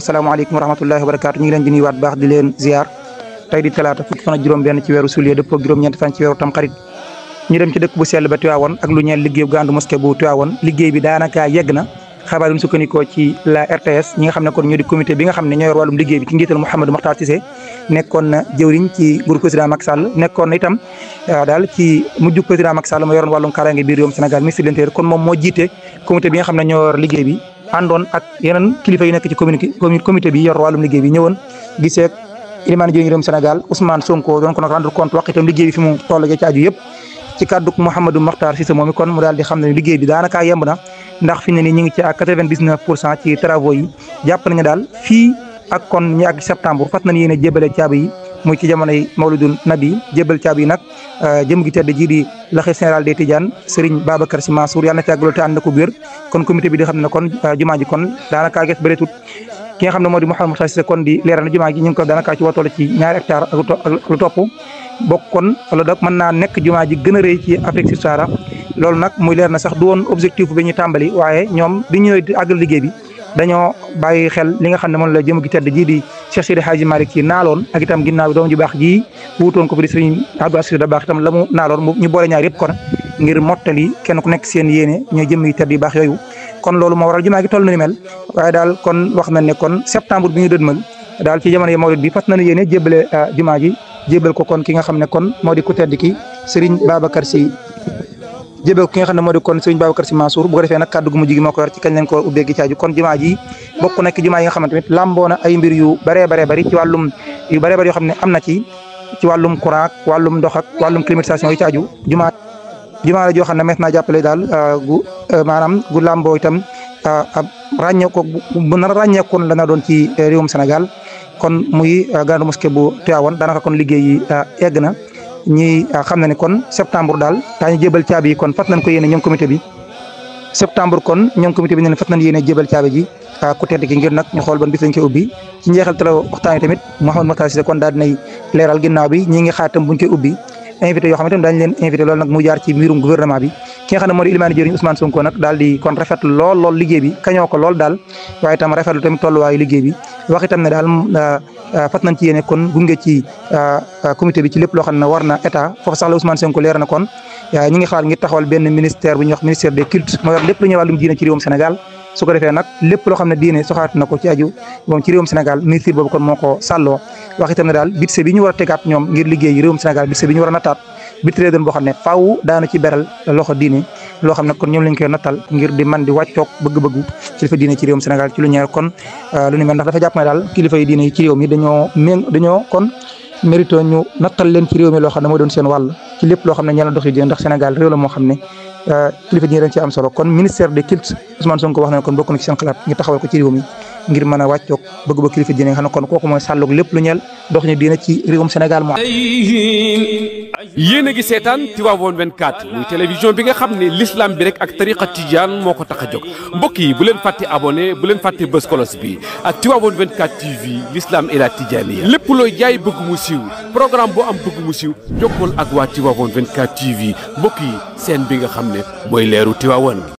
asalaamaaleykum wa rahmatullahi wa barakaatu ñu ngi baax di leen ziar tey di talaata fukki fan ak benn ci weeru sulier dëppoo ak juróom-ñeenti fan ci weeru tamxarit ñu dem ci dëkk bu sell ba Tiwaawoon ak lu ñeel liggéey bu bu Tiwaawoon liggéey bi daanaka yegg xabaar yi mu ci la RTS ñi nga xam ne kon ñoo di comité bi nga xam ne ñoo yor wàllum liggéey bi ci njiital Mouhamadou Makhtar Cissé nekkoon na jëwriñ nekkoon na itam euh, ci mujjug président Macky Sall moo yoroon moom moo jiite comité bi nga xam ne ñoo yor liggéey bi àndoon ak yeneen kilifa yu nekk ci commune comité bi yor wàllum liggéey bi ñëwoon gisee ak ilimaan jëwriñ réewum Sénégal Ousmane Sonko doon ko nag rendre compte liggéey bi fi mu toll ci aju yëpp ci kàdduk Mouhamadou Makhtar Cissé moom i kon mu daal di xam ne liggéey bi daanaka yemb na ndax fi ne ni ñu ngi ci à quatre-vingt-dix-neuf pour cent ci travaux yi jàpp nañu daal fii ak kon ña ak septembre fas nañu yéene jébale caabi yi muy ci jamonoy mawlidul nabi jébbal caabi nag euh, jëm gi tedd ji di laxe général des Tidiane Serigne Babacar Sy Mansour yàlla na càggalo te ànd na ko biir kon comité bi di xam ne kon euh, jumaa ji kon daanaka ges bëreetut ki nga xam ne moo di Mouhamed Moussa Cissé kon di leeral na jumaa ji ñu ngi ko daanaka ci watoole ci ñaari hectare ak lu topp bokk kon loolu mën naa nekk jumaa ji gën a rëy ci Afrique subsahara loolu nag muy leer na sax du woon objectif bi ñu tàmbali waaye ñoom di ñëwee di àggal liggéey bi dañoo bàyyi xel li nga xam ne moom la jëm gi tedd ji di Cheikh Sidi Hadji Malick ci naaloon ak itam ginnaaw bi doom ju baax ji wuutoon ko fi di sëriñ Abdou Aziz da naaloon ñu boole ñaar yëpp kon ngir mottali kenn ku nekk seen yéene ñooy jëm yu baax yooyu kon loolu moo waral jumaa gi na ni daal kon wax nañ ne kon septembre bi ñu dëdmal daal ci jamono yi mawlid bi fas nañu yéene jébbale ah, jumaa ji jébbal ko kon ki nga xam ne kon moo di ku tedd ki sëriñ Babacar Sy jëbee ki nga xam ne moo di kon sëriñ Babacar Sy Mansour bu ko defee nag kàddu gu mujj gi moo ko ci kañ lañ ko ubbee gi caaju kon jumaa ji bokk nekk jumaa yi nga xamante tamit làmboo na ay yu bëree bëree bëri ci yu bëree bëri xam ne am na ci ci wàllum courant ak wàllum ndox ak wàllum climatisation yu caaju jumaa jumaa la joo xam ne mees naa jàppale daal euh, gu euh, maanaam gu làmboo itam euh, ab ràññeeku a ràññeekoon la na doon ci réewum Sénégal kon muy grande mosquée bu Tivaouane daanaka kon liggéey yi egg na ñuy ah, xam na ne kon septembre daal daañu jébal caabi yi kon fat nañ ko yéene ñoom comité bi septembre kon ñoom comité bi ne fat nañ yéene jébal caabi ji ah, ku tedd ki ngir nag ñu xool ban bis lañ ubbi ci njeexal tala waxtaan yi tamit Mouhamadou Makhtar Cissé kon daal dinay leeral ginnaaw bi ñi ngi xaar tam buñ ubbi invité yoo xamante ne daañu leen invité loolu nag mu jaar ci mbirum gouvernement bi ki nga xam ne moo di Sonko nag daal di kon rafetlu lool lool liggéey bi kañoo ko lool daal waaye itam rafetlu tamit tolluwaayu liggéey bi wax ne daal euh, euh, fat nañ ci yéene kon gunge ci euh, bi ci lépp loo ne war na état foofu sax la Ousmane Sonko leer na kon ñi ngi xalaat ngir taxawal benn ministère bu ñuy wax ministère des cultes moo yor lépp lu ñuy wàllum ci réewum Sénégal su ko defé nak lepp lo xamné diiné diine nako ci aju mom ci réewum Sénégal ministre bobu kon moko sallo sàlloo wax itam ne daal budget bi ñu war a tegaat ngir liggéey réewum Sénégal bitse bi ñu war a nattaat budget lay doon boo ci béral loxo diiné lo xamné kon ñom lañ koy natal ngir di man di waccok bëgg-bëggu fa diiné ci réewum Sénégal ci lu ñeer kon euh, lu ni mel ndax dafa japp na dal kilifa yi diiné ci réew mi dañoo dañoo kon mérito ñu natal leen ci réew mi lo xamné mo doon seen wal ci lepp lo xamné ñala dox yi ndax Sénégal réew la mo xamné kilifa diine dañ ci am solo kon ministère des cultes Ousmane Sonko wax na kon bokk na ci seen xalaat ñu taxawal ko ci réew mi ngir mën a wàccoog ba kilifa diine nga kon kooku mooy sàlloog lépp lu dox ñu diine ci réewum Sénégal moo yéen a ngi seetaan Tivaouane 24 muy télévision bi nga xam ne l'islam bi rek ak tariqa tijaan moo ko tax a jóg mbokk yi bu leen fàtte abonné bu leen fàtte bës kolos bi ak Tivaouane 24 TV lislaam et la yi lépp looy jaay bëgg mu siiw programme bu am bëgg mu siiw jokkool ak waa Tivaouane 24 TV mbokk yi seen bi nga xam ne mooy leeru Tivaouane